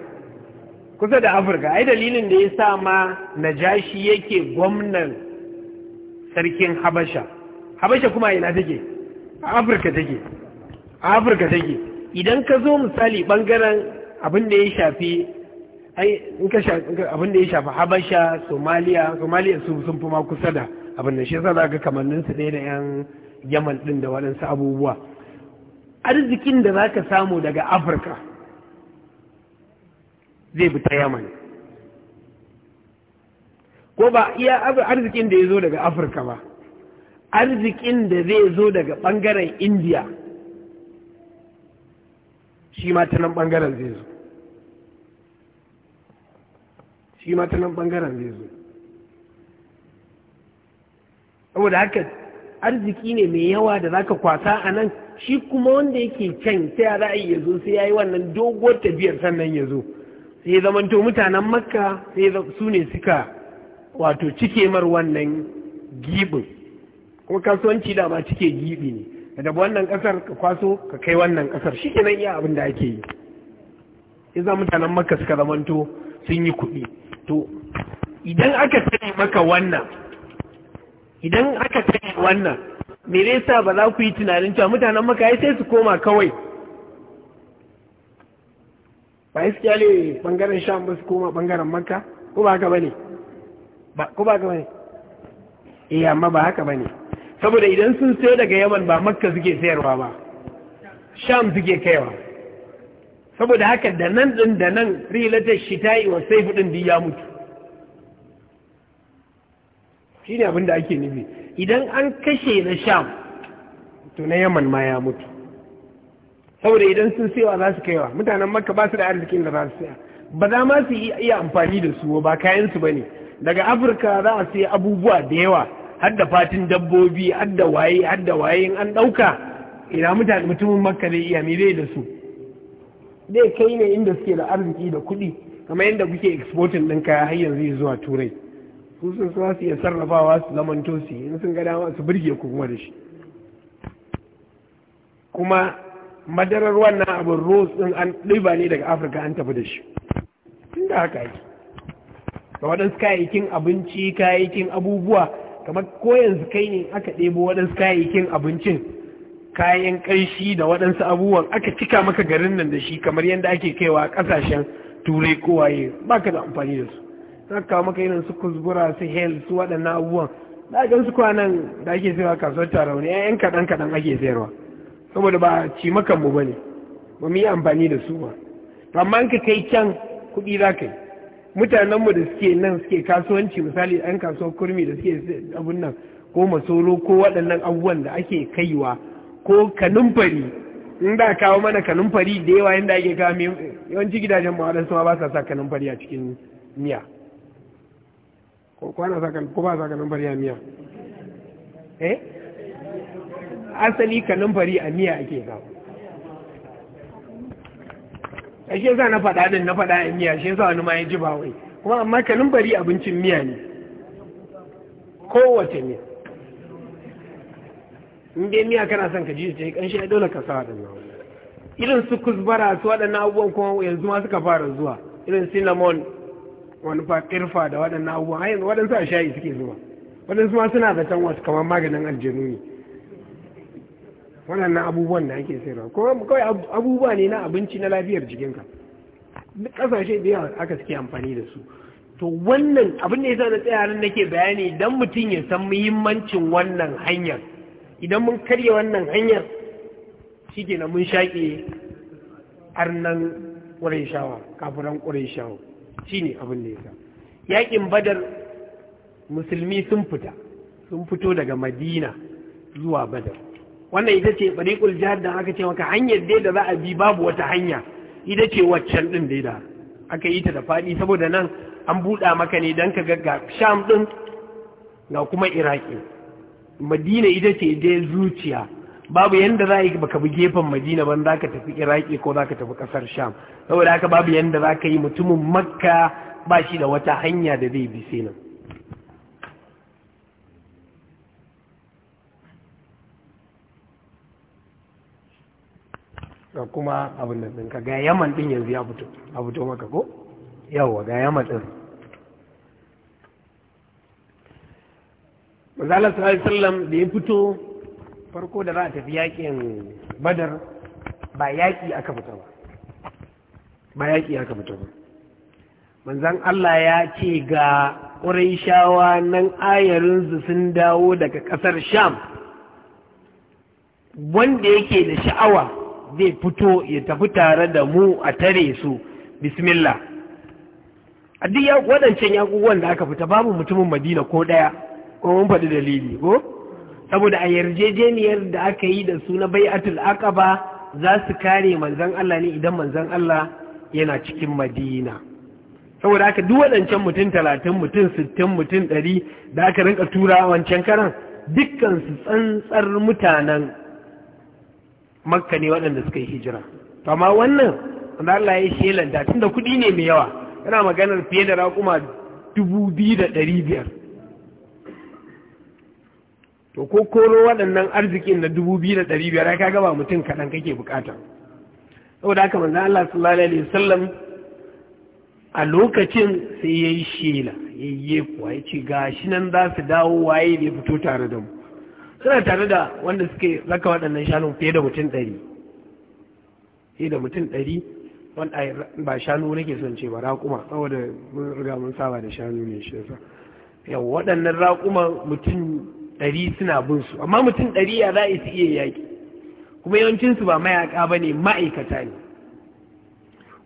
kusa da afirka ai dalilin da ya sa ma najashi yake gwamnan sarkin habasha habasha kuma ina take a afirka take a afirka take idan ka zo misali bangaren abin da ya shafi ai in ka abin da ya shafi habasha somaliya somaliya su sun fi ma kusa da abin da shi yasa ga kamannin su na da yan yaman din da waɗansu abubuwa arzikin da zaka samu daga afirka zai bi ta yaman ko ba iya arzikin da ya zo daga afirka ba arzikin da zai zo daga ɓangaren indiya shi ma ta nan ɓangaren zai zo shi ma ta nan ɓangaren zai zo saboda haka arziki ne mai yawa da za ka kwasa a nan shi kuma wanda yake can ta za a yi ya zo sai ya yi wannan doguwar tafiyar sannan ya zo sai zamanto mutanen makka sai su ne suka wato cike mar wannan gibin kuma kasuwanci dama cike gibi ne daga wannan kasar ka kwaso ka kai wannan kasar shi kenan iya abin da ake yi iza mutanen makka suka zamanto sun yi kuɗi to idan aka tare maka wannan idan aka tare wannan me zai sa ba za ku yi tunanin cewa mutanen maka ya sai su koma kawai ba suke ne bangaren sham ba su koma bangaren maka ko ba haka bane ko ba haka ne eh amma ba haka ba ne. saboda idan sun sayo daga yaman ba makka suke sayarwa ba sham suke kaiwa saboda haka da nan ɗin da nan rilatar shi ta yi wa saifu ɗin da ya mutu shi ne abinda ake nufi idan an kashe na sham to na yaman ma ya mutu saboda idan sun sewa za su kaiwa mutanen makka ba su da arzikin da za su saya ba za ma su iya amfani da su ba kayansu ba ne daga afirka za a sai abubuwa da yawa har da fatin dabbobi har da waye har da waye an ɗauka ina mutane mutumin makka zai iya me zai da su zai kai ne inda suke da arziki da kuɗi kamar yadda kuke exportin ɗin kaya har yanzu zuwa turai su sun su su iya sarrafawa su zamanto su in sun ga dama su birge ku kuma da shi kuma madarar wannan abin rose ɗin an ɗiba ne daga afirka an tafi da shi tun da haka yake da waɗansu kayayyakin abinci kayayyakin abubuwa kamar ko yanzu kai ne aka ɗebo waɗansu kayayyakin abincin kayan ƙarshi da waɗansu abubuwan aka cika maka garin nan da shi kamar yadda ake kaiwa ƙasashen turai kowaye ba ka da amfani da su za ka maka irin su kuskura su hel su waɗannan abubuwan da ake su kwanan da ake sayarwa kasuwar tara wani ‘yan kaɗan kaɗan ake sayarwa saboda ba ci makan mu bane ba mu yi amfani da su ba amma ka kai can kuɗi za ka yi mutanen mu da suke nan suke kasuwanci misali ɗan kasuwar kurmi da suke abun nan ko masoro ko waɗannan abubuwan da ake kaiwa ko kanunfari, in da kawo mana kanunfari da yawa da ake kawo yawanci gidajen mawaɗansu ma ba sa sa kanumfari a cikin miya ko kwana sa ko ba sa kanunfari a miya eh asali kanunfari a miya ake kawo a shi yasa na faɗa din na faɗa a miya shi yasa wani ma ya ji ba wai kuma amma kanunfari abincin miya ne kowace miya in dai miya kana son ka ji ta kanshi ya dole ka sa waɗannan irin su kusbara su waɗannan abubuwan kuma yanzu ma suka fara zuwa irin cinnamon wani kirfa da waɗannan abubuwan a yanzu waɗansu a shayi suke zuwa waɗansu ma suna da can wasu kamar maganin aljanu ne waɗannan abubuwan da ake sayarwa Kuma kawai abubuwa ne na abinci na lafiyar jikinka duk ƙasashe da yawa aka suke amfani da su to wannan abin da ya sa na tsaya nan nake bayani dan mutum ya san muhimmancin wannan hanyar idan mun karya wannan hanyar shi na mun shaƙe arnan ƙurayshawa kafiran shawa. shi ne abin da ya sa yaƙin badar musulmi sun fita sun fito daga madina zuwa badar wannan ita ce ɓariƙul jihar da aka ce maka hanyar dai da za a bi babu wata hanya ita ce waccan ɗin dai da aka yi ta da faɗi saboda nan an buɗa maka ne don ka ga sham ɗin ga kuma iraki madina ita ce dai zuciya babu yadda za a yi baka bi gefen madina ban za ka tafi iraki ko za ka tafi kasar sham saboda haka babu yanda za ka yi mutumin makka ba shi da wata hanya da zai bi sai nan kuma abin da ɗinka ga yaman ɗin yanzu ya fito a fito maka ko yawwa ga yaman din manzalar sallallahu da ya fito farko da za a tafi yakin badar ba yaƙi aka fita ba ba yaƙi aka fita ba manzan Allah ya ce ga shawa nan ayarinsu sun dawo daga ƙasar sham wanda yake da sha'awa zai fito ya tafi tare da mu a tare su bismillah a duk waɗancan yaƙuwan da aka fita babu mutumin madina ko ɗaya ko faɗi dalili ko saboda a yarjejeniyar da aka yi da su na bai'atul ba, za su kare manzan Allah ne idan manzan Allah yana cikin Madina saboda aka duk waɗancan mutum talatin mutum sittin mutum ɗari da aka rinka tura wancan karan dukkan su tsantsar mutanen makka ne waɗanda suka yi hijira to amma wannan wanda Allah ya shelanta tunda kuɗi ne mai yawa yana maganar fiye da raƙuma dubu biyu da ɗari biyar to ko kono waɗannan arzikin na dubu biyu da ɗari biyar ka gaba mutum kaɗan kake bukata saboda haka manzan Allah sallallahu alaihi wasallam a lokacin sai ya yi shela ya yi kuwa ya ce ga shi nan za su dawo waye ne fito tare da mu suna tare da wanda suke zaka waɗannan shanu fiye da mutum ɗari fiye da mutum ɗari wanda ba shanu nake son ce ba raƙuma saboda mun riga mun saba da shanu ne shi yasa yau waɗannan raƙuma mutum ɗari suna bin su amma mutum ɗari ya za a su iya yaƙi kuma yawancinsu ba mayaƙa ba ne ma'aikata ne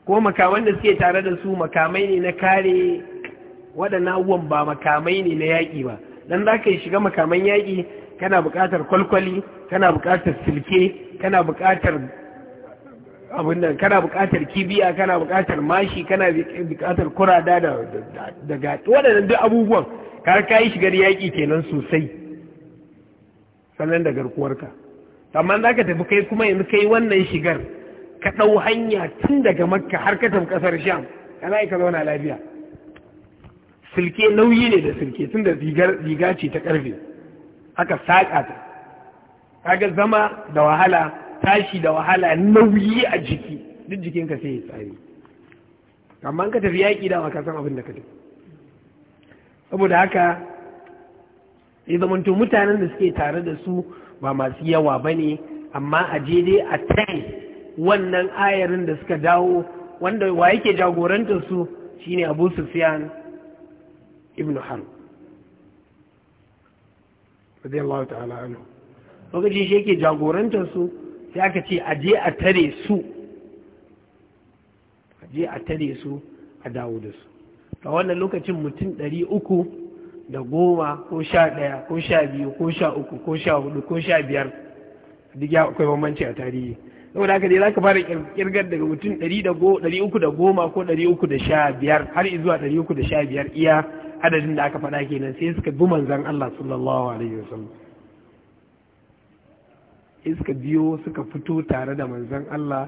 ko makaman da suke tare da su makamai ne na kare waɗannan abubuwan ba makamai ne na yaƙi ba dan za ka shiga makaman yaƙi kana buƙatar kwalkwali kana buƙatar silke kana buƙatar abin nan kana buƙatar kibiya kana buƙatar mashi kana buƙatar kurada da da waɗannan duk abubuwan Kar ka yi shigar yaƙi kenan sosai sanar da garkuwarka amma za ka tafi kai kuma yanzu kai wannan shigar ka ɗau hanya tun daga makka har ka tafi ƙasar sham kana ka zauna lafiya silke nauyi ne da silke tun da riga ce ta ƙarfe aka saƙa ta kaga zama da wahala tashi da wahala nauyi a jiki duk jikinka sai ya tsari amma ka tafi yaƙi dama ka san abin da ka tafi saboda haka ya zamanto mutanen da suke tare da su ba masu yawa ba ne amma a je dai a tai wannan ayarin da suka dawo wanda wa yake jagorantar su shine abu sufyan ibn harb radiyallahu ta'ala anhu lokacin shi yake jagorantar su sai aka ce a je a tare su a je a tare su a dawo da su a wannan lokacin mutum ɗari uku da goma ko sha ɗaya ko sha biyu ko sha uku ko sha hudu ko sha biyar duk ya akwai bambanci a tarihi saboda haka dai ka fara kirgar daga mutum ɗari uku da goma ko ɗari uku da sha biyar har zuwa ɗari uku da sha biyar iya adadin da aka faɗa kenan sai suka bi manzan Allah sallallahu alaihi wasallam iska biyo suka fito tare da manzan Allah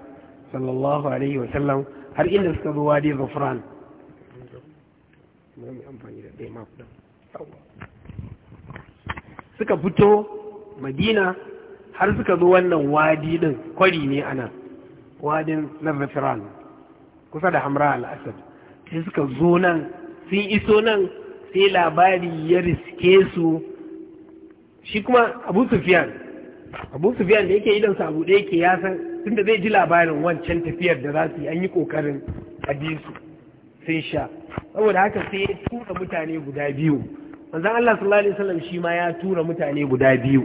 sallallahu alaihi wasallam har inda suka zo wadi zafran mai amfani da ɗaya makudan suka fito madina har suka zo wannan wadi din kwari ne a nan wadin na kusa da hamra al'asar sai suka zo nan sun iso nan sai labari ya riske su shi kuma abu sufiyan abu sufiyan da yake idansa abu ya ke yasan tunda zai ji labarin wancan tafiyar da za su yi an yi ƙoƙarin a sun sha saboda haka sai ya tura mutane guda biyu manzon Allah sallallahu alaihi wasallam shi ma ya tura mutane guda biyu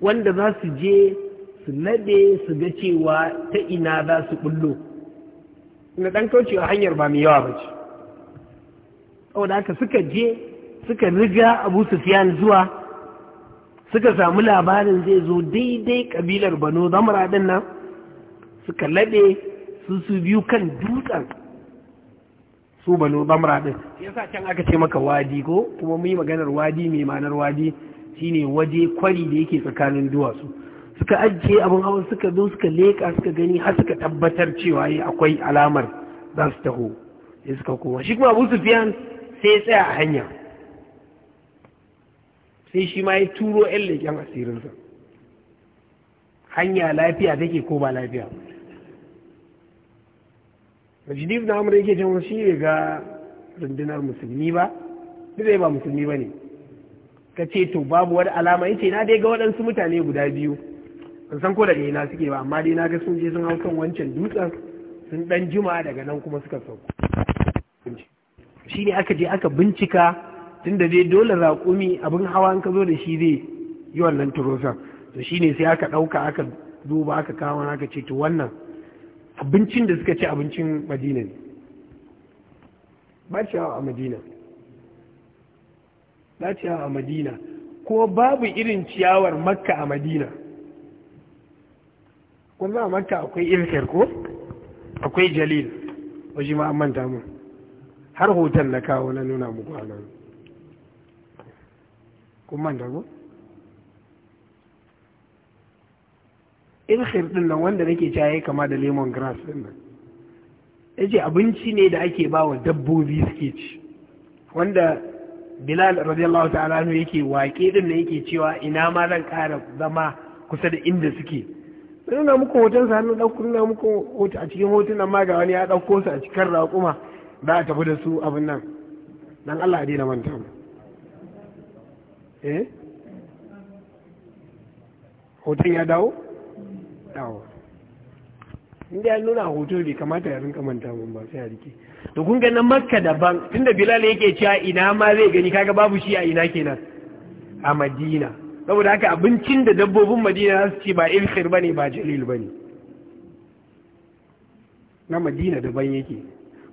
wanda za su je su nade su ga cewa ta ina za su bullo na dan kaucewa hanyar ba mai yawa ba ce saboda haka suka je suka riga Abu Sufyan zuwa suka samu labarin zai zo daidai kabilar Banu Zamra din nan suka lade su su biyu kan dutsen su banu bamra din yasa can aka ce maka wadi ko kuma mu maganar wadi mai ma'anar wadi shine waje kwari da yake tsakanin duwatsu suka ajiye abun hawa suka zo suka leka suka gani har suka tabbatar cewa yi eh, akwai alamar za su taho sai suka koma shi kuma abu sufiyan sai ya tsaya a hanya sai shi ma ya turo yan leƙen asirinsa hanya lafiya take ko ba lafiya rajidif na amur yake cewa shi ne ga rundunar musulmi ba duk ba musulmi ba ne ka ce to babu wani alama yace na dai ga waɗansu mutane guda biyu ban san ko da ina suke ba amma dai na ga sun je sun hau kan wancan dutsen sun dan juma daga nan kuma suka sauko shi ne aka je aka bincika tunda dai dole raƙumi abin hawa an ka zo da shi zai yi wannan turosan to ne sai aka ɗauka aka duba aka kawo aka ce to wannan abincin da suka ci abincin madina ne ba ciyawa a madina ba ciyawa a madina ko babu irin ciyawar makka a madina wanda a makka akwai irkar ko akwai jalil waje ma an manta mu har hoton na kawo na nuna muku a nan kun manta ko irhir din nan wanda nake cewa kama da lemon grass din nan yace abinci ne da ake ba wa dabbobi suke ci wanda Bilal radiyallahu ta'ala ne yake waƙe din nan yake cewa ina ma zan ƙara zama kusa da inda suke sai nuna muku hoton sa hannun ɗauko nuna muku a cikin nan ma ga wani ya dauko su a cikin raƙuma za a tafi da su abin nan dan Allah a daina manta mu eh hoton ya dawo awo inda ya nuna hoto bai kamata ya rinka manta mun ba sai a rike to kun ga na makka daban tunda bilal yake cewa ina ma zai gani kaga babu shi a ina kenan a madina saboda haka abincin da dabbobin madina za su ce ba ilkhir bane ba jalil bane na madina daban yake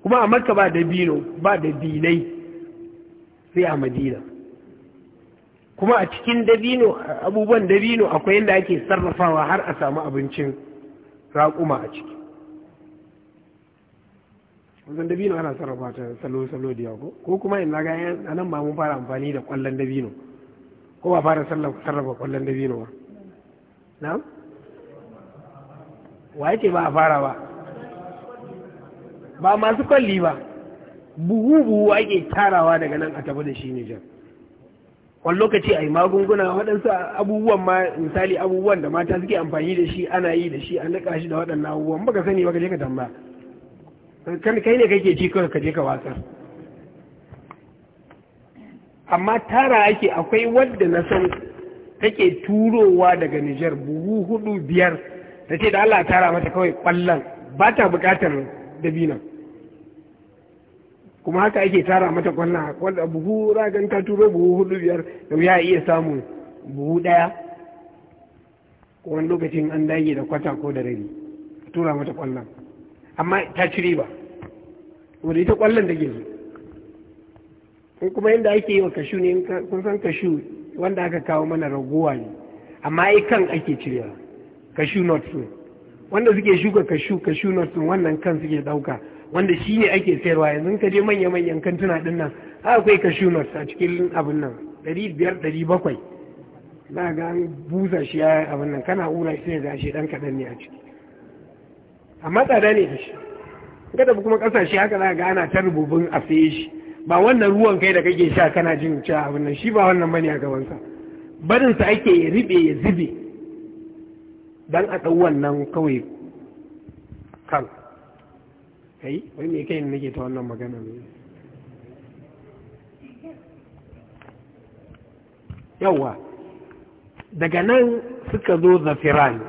kuma a makka ba dabino ba dabinai sai a madina kuma a cikin dabino abubuwan dabino akwai yadda ake sarrafawa har a samu abincin raƙuma a ciki wanzan dabino ana sarrafa ta salo-salo da yago ko kuma in laga a nan ba mun fara amfani da ƙwallon dabino ko ba fara sarrafa ƙwallon dabino ba na? wa yake ba a fara ba ba masu kwalli ba buhu-buhu ake tarawa daga nan a tafi da shi nijar wani lokaci a yi magunguna waɗansu abubuwan ma misali abubuwan da mata suke amfani da shi ana yi da shi an niƙa shi da waɗannan abubuwan baka sani baka je ka tamba kai ne kake ci kawai ka je ka wasa, amma tara ake akwai wadda na san take turowa daga Nijar buhu hudu biyar da ce da Allah tara mata kawai kwallon ba ta bukatar dabinan kuma haka ake tara mata kwanna wadda buhu ragan ta turo buhu hudu biyar da ya iya samun buhu daya ko wani lokacin an dage da kwata ko da a tura mata kwallon amma ta cire ba wadda ita kwallon da zo in kuma yadda ake yi wa kashu ne kun san kashu wanda aka kawo mana raguwa ne amma ai kan ake cirewa kashu not wanda suke shuka kashu kashu not wannan kan suke dauka wanda shi ne ake sayarwa yanzu ka je manya-manyan kantuna din nan akwai cashew a cikin abin nan ɗari biyar ɗari bakwai za ga an busa shi ya abin nan kana ura shi ne ga shi ɗan kaɗan ne a ciki amma tsada ne da shi ka tafi kuma ƙasashe haka za ga ana ta rububin a saye shi ba wannan ruwan kai da kake sha kana jin cewa abin nan shi ba wannan bane a gabansa barinsa ake ya riɓe ya zube dan a ɗau wannan kawai kan kai wai me kai nake ta wannan magana ne yawa daga nan suka zo zafiran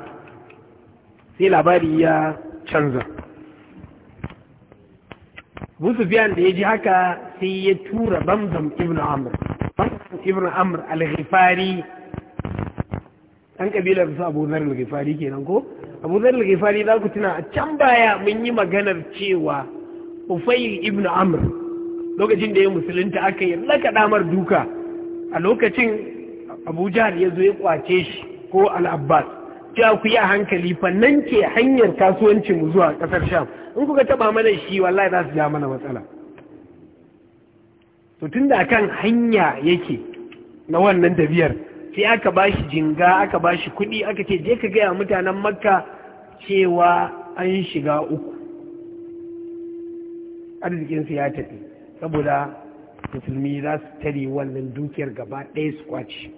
sai labari ya canza Busufiyan da ya ji haka sai ya tura Bamzam ibn Amr. Bamzam ibn Amr al-Ghifari ɗan kabilar su abu zar lagifari kenan ko abu zar lagifari za ku tuna a can baya mun yi maganar cewa ufail ibn amr lokacin da ya musulunta aka yi laka damar duka a lokacin abu jihar ya zo ya kwace shi ko alabbas abbas cewa ku yi a hankali fannan ke hanyar kasuwancin mu zuwa kasar sham in kuka taɓa mana shi wallahi za su ja mana matsala to tunda kan hanya yake na wannan tafiyar sai aka ba shi jinga aka ba shi kuɗi aka ce je ka gaya mutanen makka cewa an shiga uku arzikinsu ya tafi saboda musulmi za su tare wannan dukiyar gaba ɗaya su kwace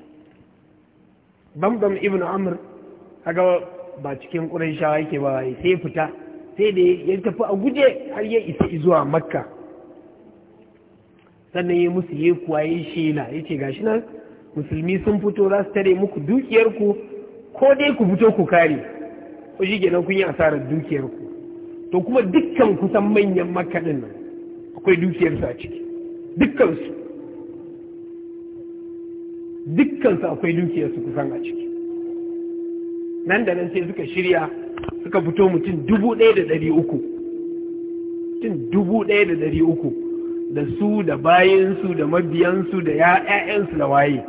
bambam ibn amur kaga ba cikin shawa yake ba sai fita sai da ya tafi a guje har ya isa zuwa makka sannan ya musu ya kuwa ya shela ya ce gashi nan musulmi sun fito za su tare muku dukiyarku ko dai ku fito ku kare ko shi kenan kun yi asarar dukiyarku to kuma dukkan kusan manyan makaɗin nan akwai dukiyarsu a ciki dukkansu dukkansu akwai dukiyarsu kusan a ciki nan da nan sai suka shirya suka fito mutum dubu ɗaya da ɗari uku mutum dubu ɗaya da ɗari uku da su da bayansu da mabiyansu da ya'ya'yansu da waye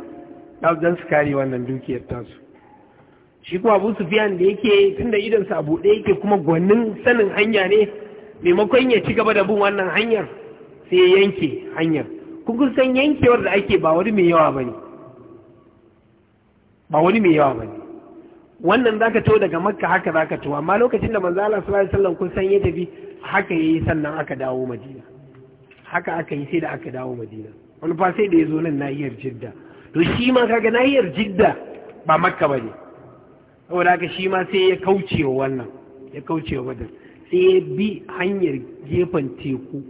don su kare wannan dukiyar tasu shi kuma abu sufiyan da yake tunda idansa abu buɗe yake kuma gwanin sanin hanya ne maimakon ya ci gaba da bin wannan hanyar sai ya yanke hanyar kun san yankewar da ake ba wani mai yawa bane ba wani mai yawa bane wannan zaka to daga makka haka zaka to amma lokacin da manzo Allah sallallahu alaihi wasallam kun san ya tafi haka yayi sannan aka dawo Madina haka aka yi sai da aka dawo Madina wani fa sai da yazo nan nahiyar Jidda to shi ma kaga nahiyar jidda ba makka ba ne saboda haka shi ma sai ya kauce wa wannan ya kauce wa wadan sai ya bi hanyar gefen teku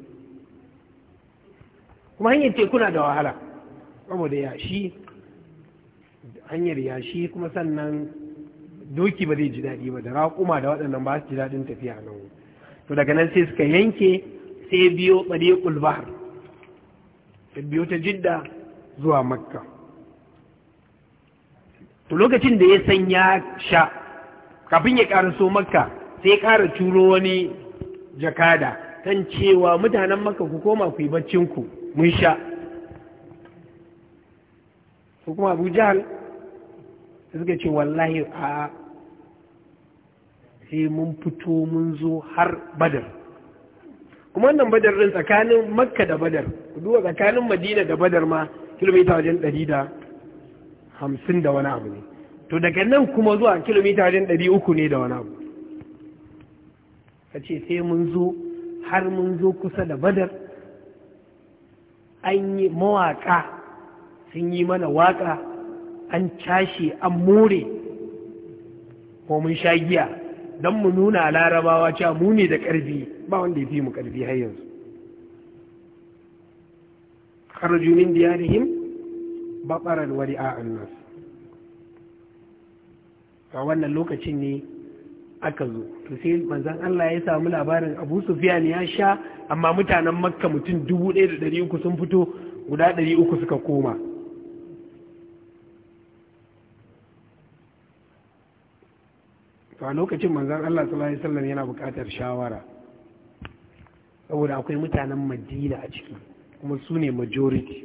kuma hanyar teku na da wahala saboda yashi hanyar yashi kuma sannan doki ba zai ji daɗi ba da raƙuma da waɗannan ba su ji daɗin tafiya nan to daga nan sai suka yanke sai biyo tsare ƙulbahar sai biyo ta jidda zuwa makka to lokacin da ya san ya sha kafin ya karaso makka sai ya kara turo wani jakada kan cewa mutanen makka ku koma ku yi baccinku mun sha ko kuma abu jihar suka ce wallahi a sai mun fito mun zo har badar kuma wannan badar din tsakanin makka da badar duba tsakanin madina da badar ma kilomita wajen ɗari da hamsin da wani abu ne to daga nan kuma zuwa kilomita jin ɗari uku ne da wani abu ka ce sai mun zo har mun zo kusa da badar an yi mawaƙa sun yi mana waƙa an cashe an more ko mun sha giya don mu nuna larabawa cewa mu ne da ƙarfi ba wanda ya fi mu ƙarfi har yanzu kharaju min diyarihim baɓarar wari a a wannan lokacin ne aka zo to sai manzan Allah ya samu labarin abu ne ya sha amma mutanen makka mutum dubu ɗaya da uku sun fito guda ɗari uku suka koma a lokacin manzan Allah sallallahu Alaihi yana buƙatar shawara saboda akwai mutanen madina a ciki kuma su ne majority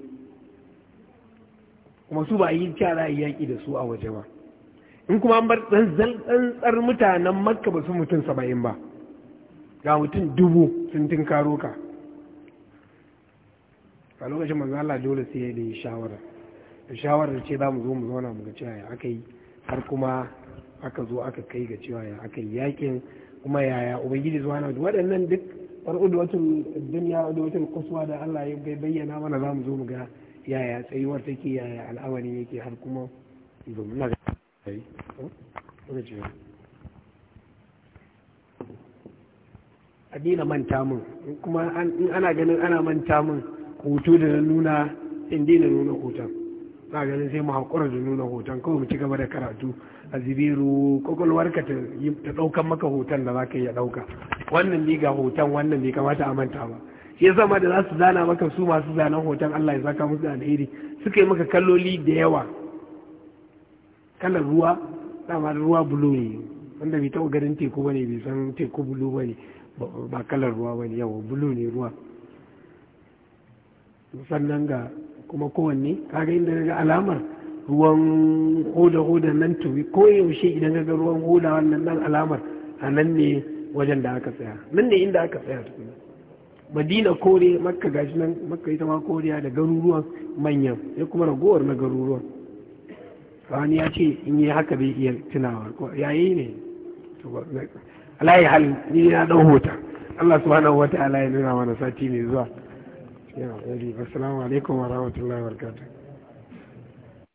kuma su ba yi cara yaƙi da su a waje ba in kuma an bar tsantsar mutanen makka ba su mutum saba'in ba ga mutum dubu sun tinkaro ka a lokacin manzo Allah dole sai ya yi shawara da shawarar ce za mu zo mu zauna mu ga cewa ya aka yi har kuma aka zo aka kai ga cewa ya aka yi yakin kuma yaya ubangiji zuwa na waɗannan duk far'udu watan duniya da watan kusuwa da Allah ya bayyana mana za mu zo mu ga yaya tsayuwar take yaya al'awari yake har kuma domin na oh, a dina manta mun kuma in ana ganin ana manta mun hoto da na nuna in dina nuna hoton na ganin sai mu haƙura da nuna hoton kawai mu ci gaba da karatu a zibiru ka ta ɗaukan maka hoton da za ka ya ɗauka wannan ne ga hoton wannan bai kamata a manta ba shi yasa da za su zana maka su masu zanen hoton Allah ya zaka musu alheri suka yi maka kalloli da yawa kalar ruwa dama ruwa bulu ne wanda bai taɓa ganin teku ba ne bai san teku bulu ba ne ba kalar ruwa ba ne yawa bulu ne ruwa sannan ga kuma kowanne kaga inda ga alamar ruwan hoda-hoda nan tuwi ko yaushe idan ga ruwan hoda wannan nan alamar a nan ne wajen da aka tsaya nan ne inda aka tsaya tukuna madina kore makka gashi nan makka ita ma koriya da garuruwan manyan ya kuma ragowar na garuruwan wani ya ce in yi haka bai iya tunawa yayi ne alayi hal ni na dan hota Allah subhanahu wa ta'ala ya nuna mana sati mai zuwa assalamu alaikum wa rahmatullahi wa barakatuh